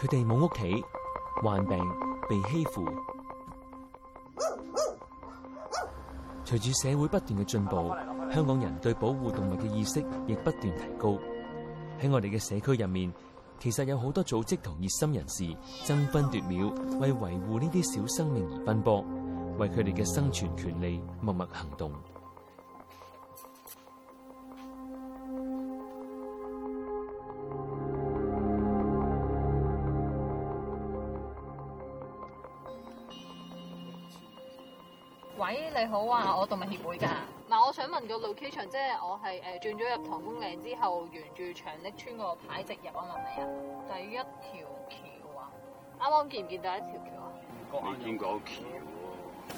佢哋冇屋企、患病、被欺負。隨住社會不斷嘅進步，香港人對保護動物嘅意識亦不斷提高。喺我哋嘅社區入面，其實有好多組織同熱心人士爭分奪秒，為維護呢啲小生命而奔波，為佢哋嘅生存權利默默行動。你好啊，我動物協會噶。嗱，我想問個 location，即係我係誒轉咗入唐公嶺之後，沿住長瀝村個牌直入，我問你啊。第一條橋啊？啱啱見唔見第一條橋啊？我見過橋？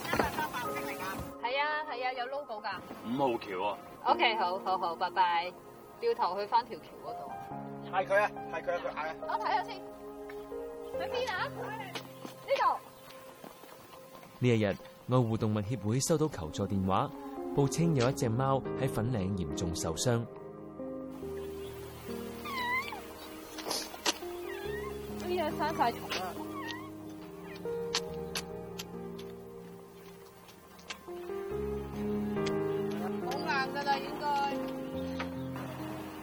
一萬啊？係啊係啊，有 logo 噶。五號橋啊。OK，好好好，拜拜。掉頭去翻條橋嗰度。係佢啊！係佢啊！佢啊，啊。我睇下先。去邊啊？呢度。呢個日。愛護動物協會收到求助電話，報稱有一隻貓喺粉嶺嚴重受傷。哎呀。呢隻生晒蟲啦，好硬噶啦，應該。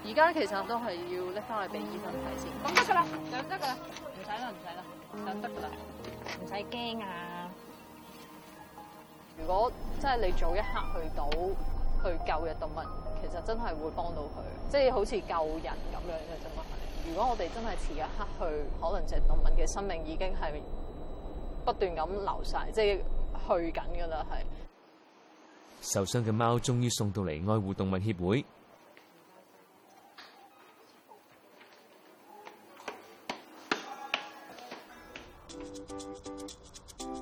而家其實都係要拎翻去俾醫生睇先。得噶啦，得噶啦，唔使啦，唔使啦，得噶啦，唔使驚啊！如果真係你早一刻去到去救嘅動物，其實真係會幫到佢，即係好似救人咁樣嘅啫嘛。如果我哋真係遲一刻去，可能隻動物嘅生命已經係不斷咁流晒，即係去緊噶啦，係。受傷嘅貓終於送到嚟愛護動物協會。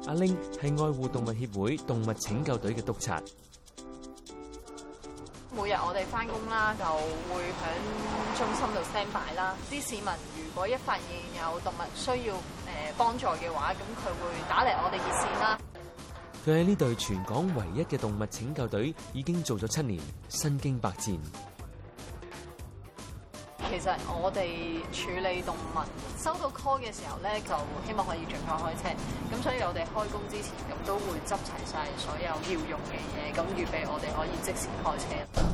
阿玲係愛護動物協會動物拯救隊嘅督察。每日我哋翻工啦，就會響中心度 standby 啦。啲市民如果一發現有動物需要誒幫助嘅話，咁佢會打嚟我哋熱線啦。佢喺呢隊全港唯一嘅動物拯救隊已經做咗七年，身經百戰。其實我哋處理動物收到 call 嘅時候咧，就希望可以盡快開車。咁所以我哋開工之前咁都會執齊晒所有要用嘅嘢，咁預備我哋可以即時開車。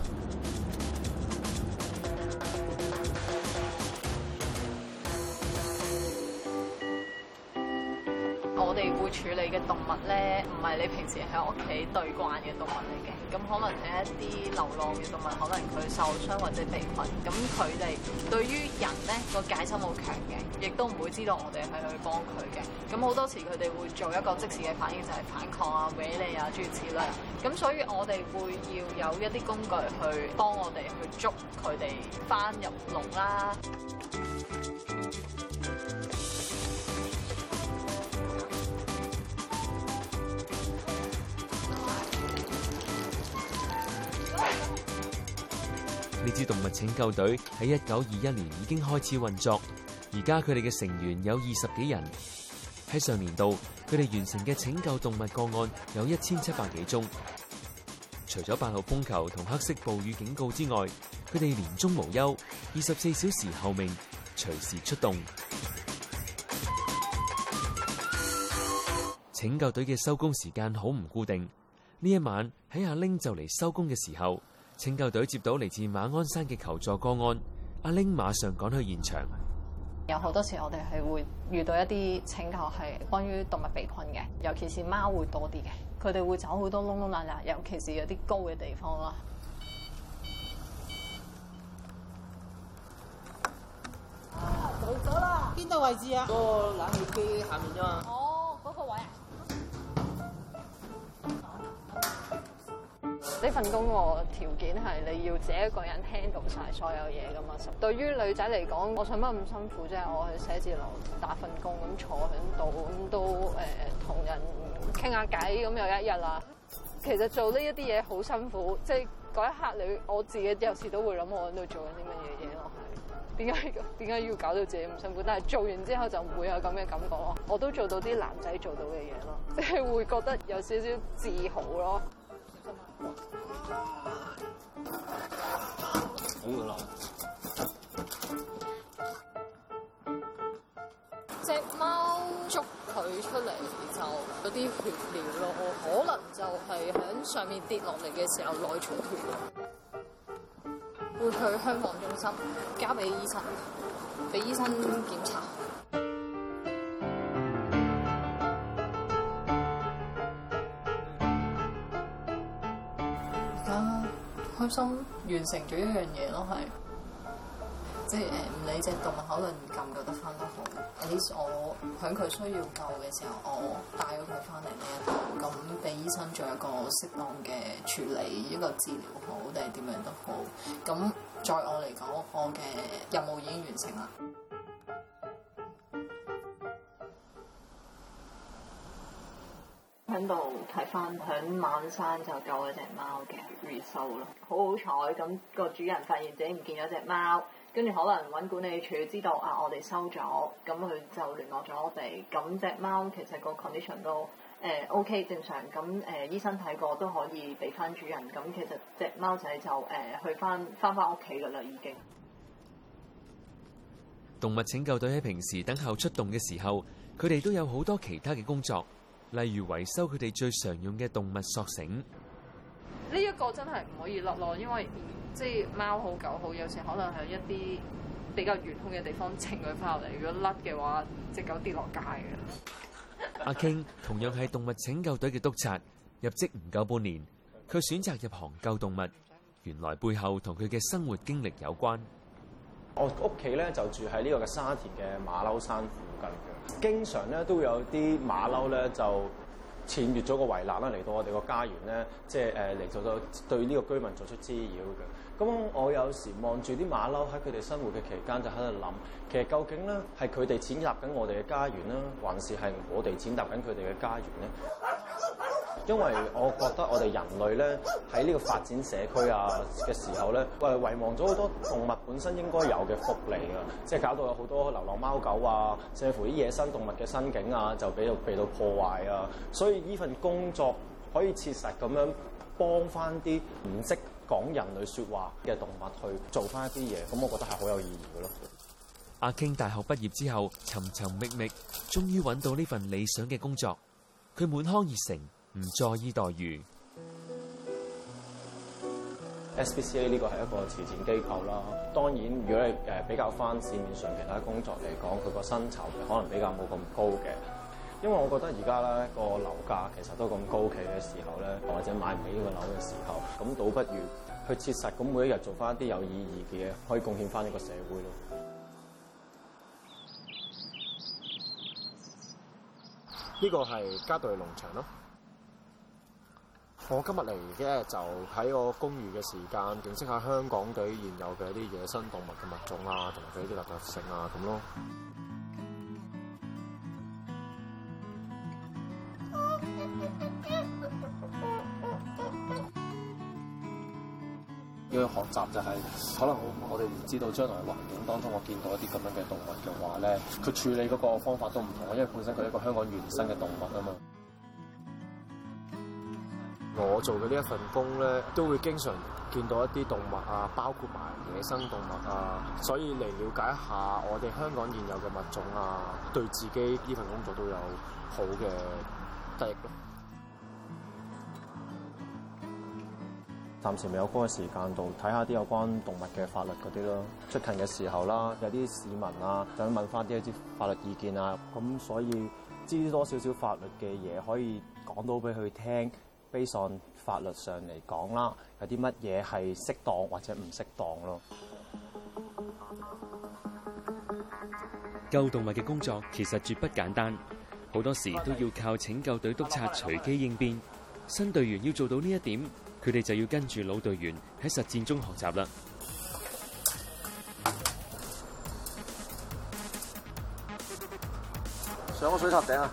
你嘅動物咧，唔係你平時喺屋企對慣嘅動物嚟嘅，咁可能係一啲流浪嘅動物，可能佢受傷或者被困，咁佢哋對於人咧個戒心好強嘅，亦都唔會知道我哋係去幫佢嘅，咁好多時佢哋會做一個即時嘅反應就係、是、反抗啊、搲你啊諸如此類，咁所以我哋會要有一啲工具去幫我哋去捉佢哋返入籠啦。呢支動物拯救隊喺一九二一年已經開始運作，而家佢哋嘅成員有二十幾人。喺上年度，佢哋完成嘅拯救動物個案有一千七百幾宗。除咗八號風球同黑色暴雨警告之外，佢哋年中無休，二十四小時候命隨時出動。拯救隊嘅收工時間好唔固定。呢一晚喺阿拎就嚟收工嘅時候。拯救隊接到來自馬鞍山嘅求助個案，阿玲馬上趕去現場。有好多時我哋係會遇到一啲請求係關於動物被困嘅，尤其是貓會多啲嘅，佢哋會走好多窿窿罅罅，尤其是有啲高嘅地方啦、啊。到咗喇，邊度位置啊？嗰個冷氣機下面啫嘛。啊呢份工我條件係你要自己一個人 handle 晒所有嘢噶嘛？對於女仔嚟講，我想乜咁辛苦啫？即係我去寫字樓打份工咁坐喺度咁都誒同、呃、人傾下偈咁又一日啦。其實做呢一啲嘢好辛苦，即係嗰一刻你我自己有時都會諗我喺度做緊啲乜嘢嘢咯？係點解點解要搞到自己咁辛苦？但係做完之後就唔會有咁嘅感覺咯。我都做到啲男仔做到嘅嘢咯，即係會覺得有少少自豪咯。唔得啦！隻貓捉佢出嚟就有啲血尿咯，可能就係響上面跌落嚟嘅時候內出血。會去香港中心交俾醫生，俾醫生檢查。心完成咗一樣嘢咯，係即係誒，唔理隻動物可能感覺得翻都好，你我喺佢需要救嘅時候，我帶咗佢翻嚟呢度，咁俾醫生做一個適當嘅處理，一個治療好定係點樣都好，咁在我嚟講，我嘅任務已經完成啦。喺度睇翻響晚山就救咗隻貓嘅 rescue 咯，好好彩！咁個主人發現自己唔見咗隻貓，跟住可能揾管理處知道啊，我哋收咗，咁佢就聯絡咗我哋。咁隻貓其實個 condition 都誒 OK 正常，咁誒醫生睇過都可以俾翻主人。咁其實隻貓仔就誒去翻翻翻屋企噶啦，已經。動物拯救隊喺平時等候出動嘅時候，佢哋都有好多其他嘅工作。例如維修佢哋最常用嘅動物索繩，呢一個真係唔可以甩咯，因為即係貓好狗好，有時可能係一啲比較懸空嘅地方，請佢翻落嚟。如果甩嘅話，隻狗跌落街嘅。阿 King 同樣係動物拯救隊嘅督察，入職唔夠半年，佢選擇入行救動物，原來背後同佢嘅生活經歷有關。我屋企咧就住喺呢個嘅沙田嘅馬騮山附近。經常咧都有啲馬騮咧就僭越咗個圍欄啦，嚟到我哋個家園咧，即係嚟做到對呢個居民作出滋擾嘅。咁我有時望住啲馬騮喺佢哋生活嘅期間，就喺度諗，其實究竟咧係佢哋踐踏緊我哋嘅家園咧，還是係我哋踐踏緊佢哋嘅家園咧？因為我覺得我哋人類咧喺呢個發展社區啊嘅時候咧，誒遺忘咗好多動物本身應該有嘅福利啊，即係搞到有好多流浪貓狗啊，甚至乎啲野生動物嘅生境啊，就俾到俾到破壞啊。所以呢份工作可以切實咁樣幫翻啲唔識講人類說話嘅動物去做翻一啲嘢，咁我覺得係好有意義嘅咯。阿經大學畢業之後，尋尋覓覓，終於揾到呢份理想嘅工作，佢滿腔熱誠。唔在意待遇。SPCA 呢個係一個慈善機構啦，當然如果你誒比較翻市面上其他工作嚟講，佢個薪酬可能比較冇咁高嘅，因為我覺得而家咧個樓價其實都咁高企嘅時候咧，或者買唔起呢個樓嘅時候，咁倒不如去切實咁每一日做翻一啲有意義嘅嘢，可以貢獻翻呢個社會咯。呢個係加代農場咯。我今日嚟嘅就喺我公餘嘅時間，認識下香港地現有嘅一啲野生動物嘅物種啊，同埋佢啲特特性啊咁咯，要去學習就係、是、可能我哋唔知道將來環境當中我見到一啲咁樣嘅動物嘅話咧，佢處理嗰個方法都唔同。因為本身佢係一個香港原生嘅動物啊嘛。我做嘅呢一份工咧，都會經常見到一啲動物啊，包括埋野生動物啊，所以嚟了解一下我哋香港現有嘅物種啊，對自己呢份工作都有好嘅得益咯。暫時未有嗰個時間度睇下啲有關動物嘅法律嗰啲咯。出勤嘅時候啦，有啲市民啊，想問返啲一啲法律意見啊，咁所以知多少少法律嘅嘢，可以講到俾佢聽。非上法律上嚟講啦，有啲乜嘢係適當或者唔適當咯？救動物嘅工作其實絕不簡單，好多時都要靠拯救隊督察隨機應變。新隊員要做到呢一點，佢哋就要跟住老隊員喺實踐中學習啦。上個水塔頂啊，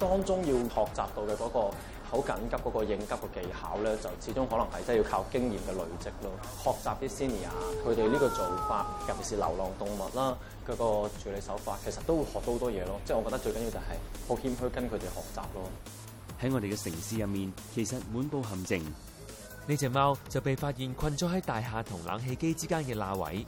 當中要學習到嘅嗰個。好緊急嗰個應急嘅技巧咧，就始終可能係真係要靠經驗嘅累積咯。學習啲 senior 佢哋呢個做法，尤其是流浪動物啦，佢個處理手法，其實都會學到好多嘢咯。即係我覺得最緊要就係好謙虛跟佢哋學習咯。喺我哋嘅城市入面，其實滿布陷阱。呢隻貓就被發現困咗喺大廈同冷氣機之間嘅罅位。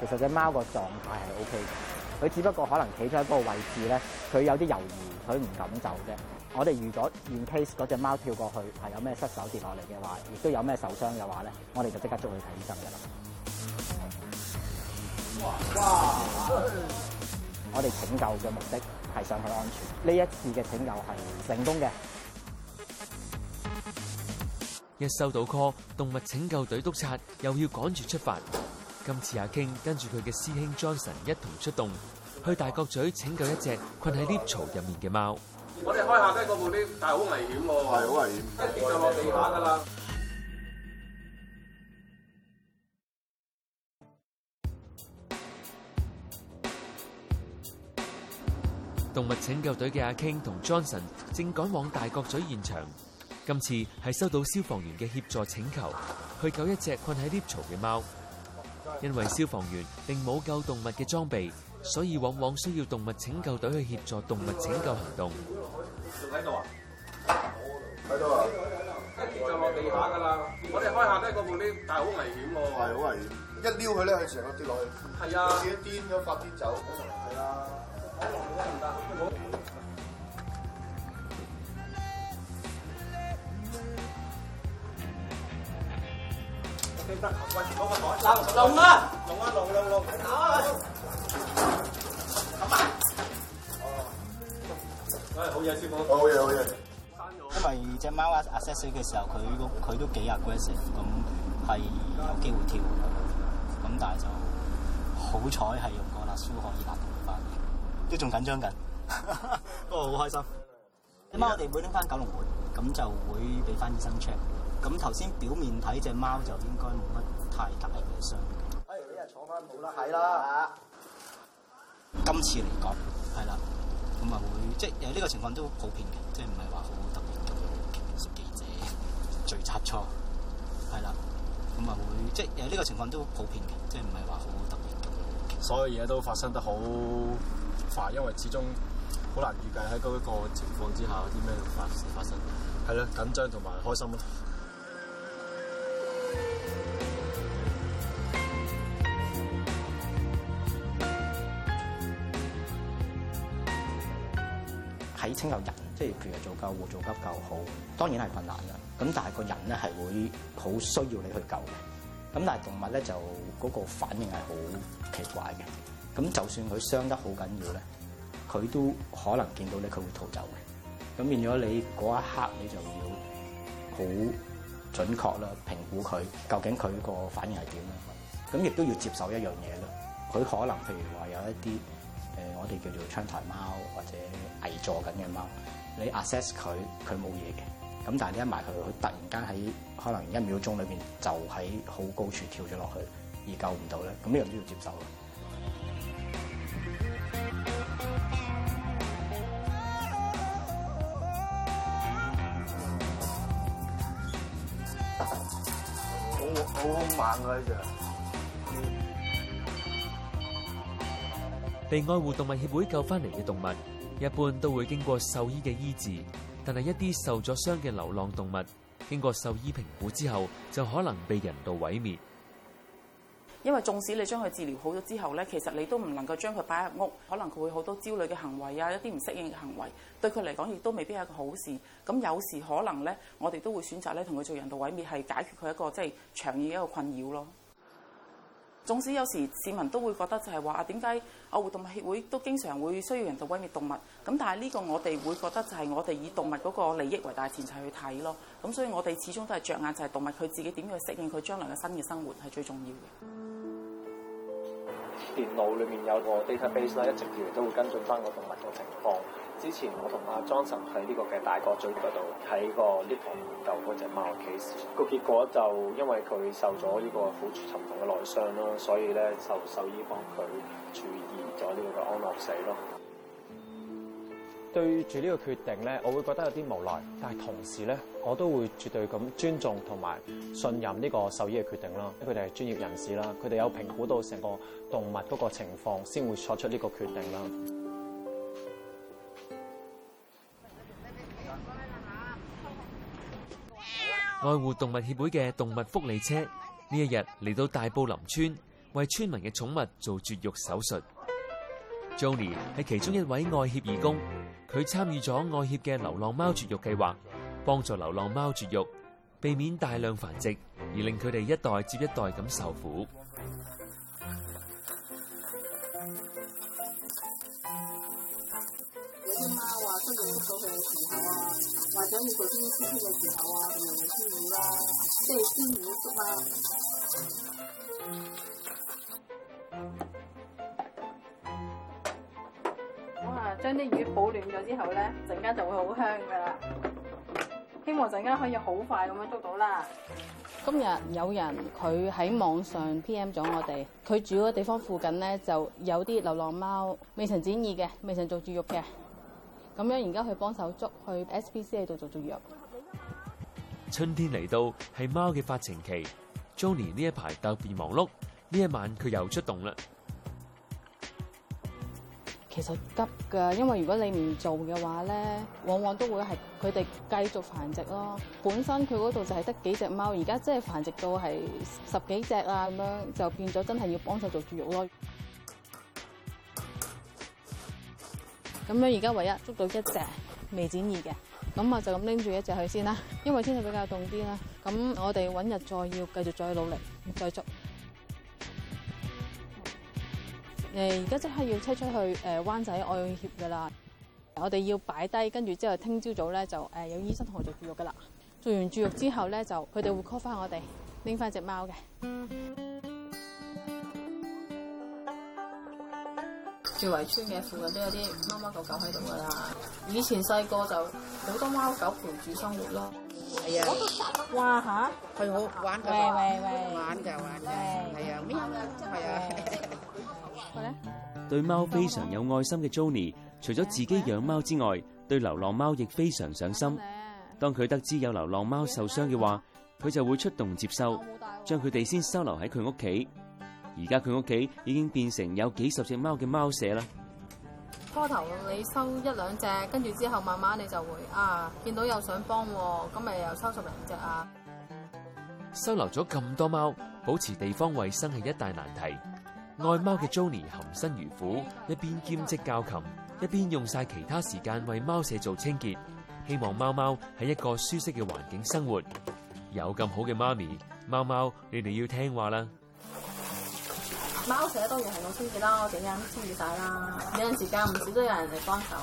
其實隻貓個狀態係 OK 嘅，佢只不過可能企咗喺嗰個位置咧，佢有啲猶豫，佢唔敢走啫。我哋如果 in case 嗰隻貓跳過去係有咩失手跌落嚟嘅話，亦都有咩受傷嘅話咧，我哋就即刻捉佢睇醫生㗎喇。哇！我哋拯救嘅目的係想佢安全。呢一次嘅拯救係成功嘅。一收到 call，動物拯救隊督察又要趕住出發。今次阿傾跟住佢嘅師兄 Johnson 一同出動，去大角咀拯救一隻困喺 lift 槽入面嘅貓。我哋開下低嗰部 lift，但係好危險喎，係好危險，一跌就落地下噶啦。動物拯救隊嘅阿 King 同 Johnson 正趕往大角咀現場，今次係收到消防員嘅協助請求，去救一隻困喺 lift 槽嘅貓，因為消防員並冇救動物嘅裝備。所以往往需要動物拯救隊去協助動物拯救行動。仲喺度啊？喺度啊！一跌就落地下㗎喇！我哋開下呢嗰盤啲，但係好危險喎。係好危險！一撩佢呢，佢成個跌落去。係啊！跌一癲，咁發癲走。係啦。落落啊！落啊！落落落！好嘢師傅。好嘢、哦、好嘢。因為隻貓阿阿 s i s 嘅時候，佢個佢都幾 aggressive 咁係有機會跳，咁但係就好彩係用過蠟舒可以蠟到翻，都仲緊張緊，不過好開心。隻貓我哋會拎翻九龍門，咁就會俾翻醫生 check。咁頭先表面睇隻貓就應該冇乜太大嘅傷。哎，你又坐翻冇甩係啦吓。今次嚟講，係啦。咁啊會，即係有呢個情況都普遍嘅，即係唔係話好特別到嘅記者聚集錯，係啦，咁啊會，即係有呢個情況都普遍嘅，即係唔係話好特別到嘅。所有嘢都發生得好快，因為始終好難預計喺嗰個情況之下有啲咩發事發生的。係啦，緊張同埋開心咯。睇清救人，即係譬如做救護做急救好，當然係困難啦。咁但係個人咧係會好需要你去救嘅。咁但係動物咧就個反應係好奇怪嘅。咁就算佢傷得好緊要咧，佢都可能見到你佢會逃走嘅。咁變咗你嗰一刻你就要好準確啦，評估佢究竟佢個反應係點樣的。咁亦都要接受一樣嘢啦，佢可能譬如話有一啲誒我哋叫做窗台貓。坐緊嘅貓，你 assess 佢，佢冇嘢嘅。咁但係你一埋佢，佢突然間喺可能一秒鐘裏邊就喺好高處跳咗落去，而救唔到咧。咁呢樣都要接受啊！好好猛啊！呢隻被愛護動物協會救翻嚟嘅動物。一般都會經過獸醫嘅醫治，但係一啲受咗傷嘅流浪動物，經過獸醫評估之後，就可能被人道毀滅。因為縱使你將佢治療好咗之後咧，其實你都唔能夠將佢擺入屋，可能佢會好多焦慮嘅行為啊，一啲唔適應嘅行為，對佢嚟講亦都未必係一個好事。咁有時可能咧，我哋都會選擇咧同佢做人道毀滅，係解決佢一個即係長遠嘅一個困擾咯。總之，有時市民都會覺得就係話啊，點解啊愛護動物協會都經常會需要人道毀滅動物？咁但係呢個我哋會覺得就係我哋以動物嗰個利益為大前提去睇咯。咁所以我哋始終都係着眼就係動物佢自己點樣適應佢將來嘅新嘅生活係最重要嘅。電腦裡面有個 database 啦，一直以嚟都會跟進返個動物嘅情況。之前我同阿莊臣喺呢個嘅大角咀嗰度睇過呢個研究嗰隻貓 case，個結果就因為佢受咗呢個好沉重嘅內傷咯，所以咧就獸醫幫佢注意咗呢個安樂死咯。對住呢個決定咧，我會覺得有啲無奈，但係同時咧，我都會絕對咁尊重同埋信任呢個獸醫嘅決定啦。因為佢哋係專業人士啦，佢哋有評估到成個動物嗰個情況，先會作出呢個決定啦。愛護動物協會嘅動物福利車呢一日嚟到大埔林村，為村民嘅寵物做絕育手術。Johnny 係其中一位愛協義工，佢參與咗愛協嘅流浪貓絕育計劃，幫助流浪貓絕育，避免大量繁殖而令佢哋一代接一代咁受苦。到佢嘅時候啊，或者要嗰啲天氣嘅時候啊，會就會煎魚啦，即係煎魚燉啊。我啊，將啲魚保暖咗之後咧，陣間就會好香㗎啦。希望陣間可以好快咁樣捉到啦。今日有人佢喺網上 PM 咗我哋，佢住嗰地方附近咧就有啲流浪貓，未曾剪耳嘅，未曾做絕育嘅。咁樣而家去幫手捉去 S P C 度做絕育。春天嚟到係貓嘅發情期，Jony 呢一排特別忙碌。呢一晚佢又出動啦。其實急㗎，因為如果你唔做嘅話咧，往往都會係佢哋繼續繁殖咯。本身佢嗰度就係得幾隻貓，而家真係繁殖到係十幾隻啊咁樣，就變咗真係要幫手做絕育咯。咁樣而家唯一捉到一隻未剪耳嘅，咁啊就咁拎住一隻去先啦。因為天氣比較凍啲啦，咁我哋揾日再要繼續再努力再捉。誒、嗯，而家即刻要車出去誒，呃、灣仔愛協噶啦。我哋要擺低，跟住之後聽朝早咧就誒有醫生同我做絕育噶啦。做完絕育之後咧就佢哋會 call 翻我哋拎翻隻貓嘅。住圍村嘅附近都有啲貓貓狗狗喺度噶啦。以前細個就好多貓狗陪住生活咯。係啊，玩下，係好玩嘅，玩嘅，玩嘅。係啊，咩啊？係啊。係咧。對貓非常有愛心嘅 Joni，除咗自己養貓之外，對流浪貓亦非常上心。當佢得知有流浪貓受傷嘅話，佢就會出動接收，將佢哋先收留喺佢屋企。而家佢屋企已經變成有幾十隻貓嘅貓舍啦。初頭你收一兩隻，跟住之後慢慢你就會啊，見到又想幫，咁咪又收十零隻啊。收留咗咁多貓，保持地方衛生係一大難題。愛貓嘅 Jony 含辛茹苦，一邊兼職教琴，一邊用晒其他時間為貓舍做清潔，希望貓貓喺一個舒適嘅環境生活。有咁好嘅媽咪，貓貓你哋要聽話啦。貓舍當然係我清潔啦，我哋下都清潔晒啦。有陣 時間唔少都有人嚟幫手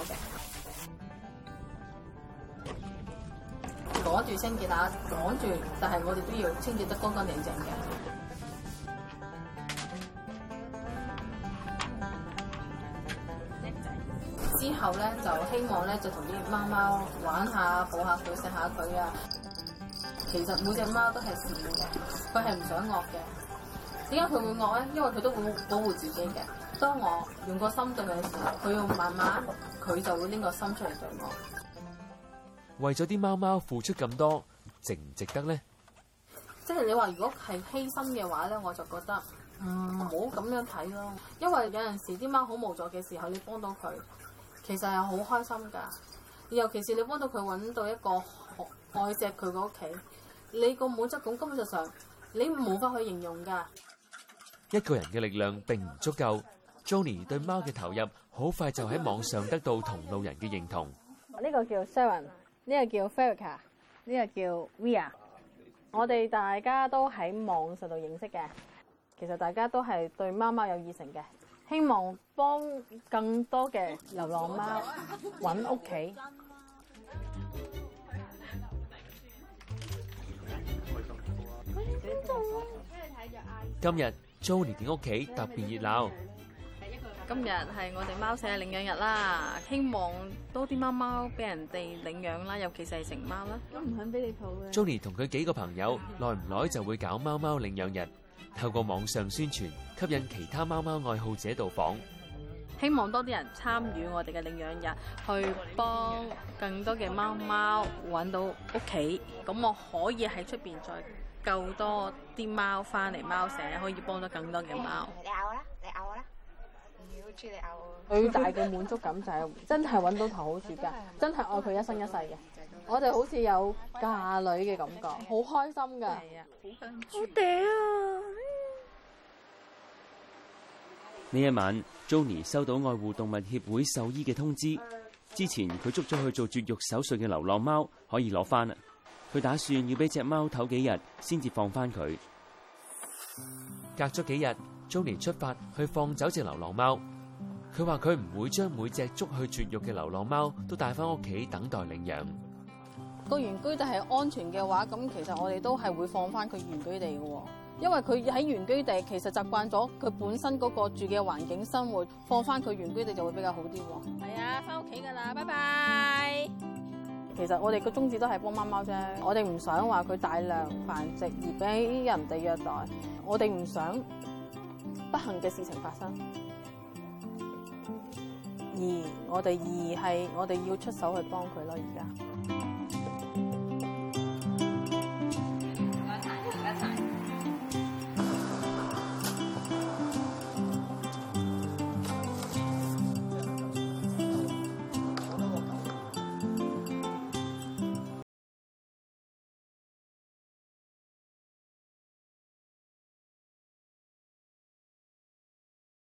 嘅，攔住清潔下，攔住，但係我哋都要清潔得乾乾淨淨嘅。 之後呢就希望呢就同啲貓貓玩一下，抱下佢，錫下佢啊。其實每隻貓都係善嘅，佢係唔想惡嘅。點解佢會惡咧？因為佢都會保保護自己嘅。當我用個心對佢嘅時候，佢用慢慢佢就會拎個心出嚟對我。為咗啲貓貓付出咁多，值唔值得咧？即係你話如果係犧牲嘅話咧，我就覺得，唔好咁樣睇咯。因為有陣時啲貓好無助嘅時候，你幫到佢，其實係好開心噶。尤其是你幫到佢搵到一個愛愛錫佢嘅屋企，你個滿足感根本就上你冇法去形容噶。一個人嘅力量並唔足夠，Johnny 對貓嘅投入，好快就喺網上得到同路人嘅認同。呢個叫 Sour，呢個叫 Ferica，呢個叫 Via，我哋大家都喺網上度認識嘅，其實大家都係對貓貓有熱誠嘅，希望幫更多嘅流浪貓揾屋企。今日。Jony 嘅屋企特別熱鬧。今日係我哋貓舍嘅領養日啦，希望多啲貓貓俾人哋領養啦，尤其是成貓啦。都唔肯俾你抱嘅。Jony 同佢幾個朋友，耐唔耐就會搞貓貓領養日，透過網上宣傳，吸引其他貓貓愛好者到訪。希望多啲人參與我哋嘅領養日，去幫更多嘅貓貓揾到屋企。咁我可以喺出邊再夠多啲貓翻嚟貓舍，貓貓可以幫到更多嘅貓、嗯。你咬啦，你咬啦，唔好住你咬我。最 大嘅滿足感就係真係揾到頭好主噶， 真係愛佢一生一世嘅。 我哋好似有嫁女嘅感覺，好開心噶。好嗲啊！呢一晚 Jony 收到愛護動物協會獸醫嘅通知， 之前佢捉咗去做絕育手術嘅流浪貓可以攞翻。佢打算要俾隻貓唞幾日，先至放翻佢。隔咗幾日，Jony 出發去放走隻流浪貓。佢話佢唔會將每隻捉去絕育嘅流浪貓都帶翻屋企等待領養。個原居地係安全嘅話，咁其實我哋都係會放翻佢原居地嘅。因為佢喺原居地，其實習慣咗佢本身嗰個住嘅環境生活，放翻佢原居地就會比較好啲。係啊，翻屋企㗎喇，拜拜。其實我哋個宗旨都係幫貓貓啫，我哋唔想話佢大量繁殖而俾人哋虐待，我哋唔想不幸嘅事情發生，而我哋而係我哋要出手去幫佢咯，而家。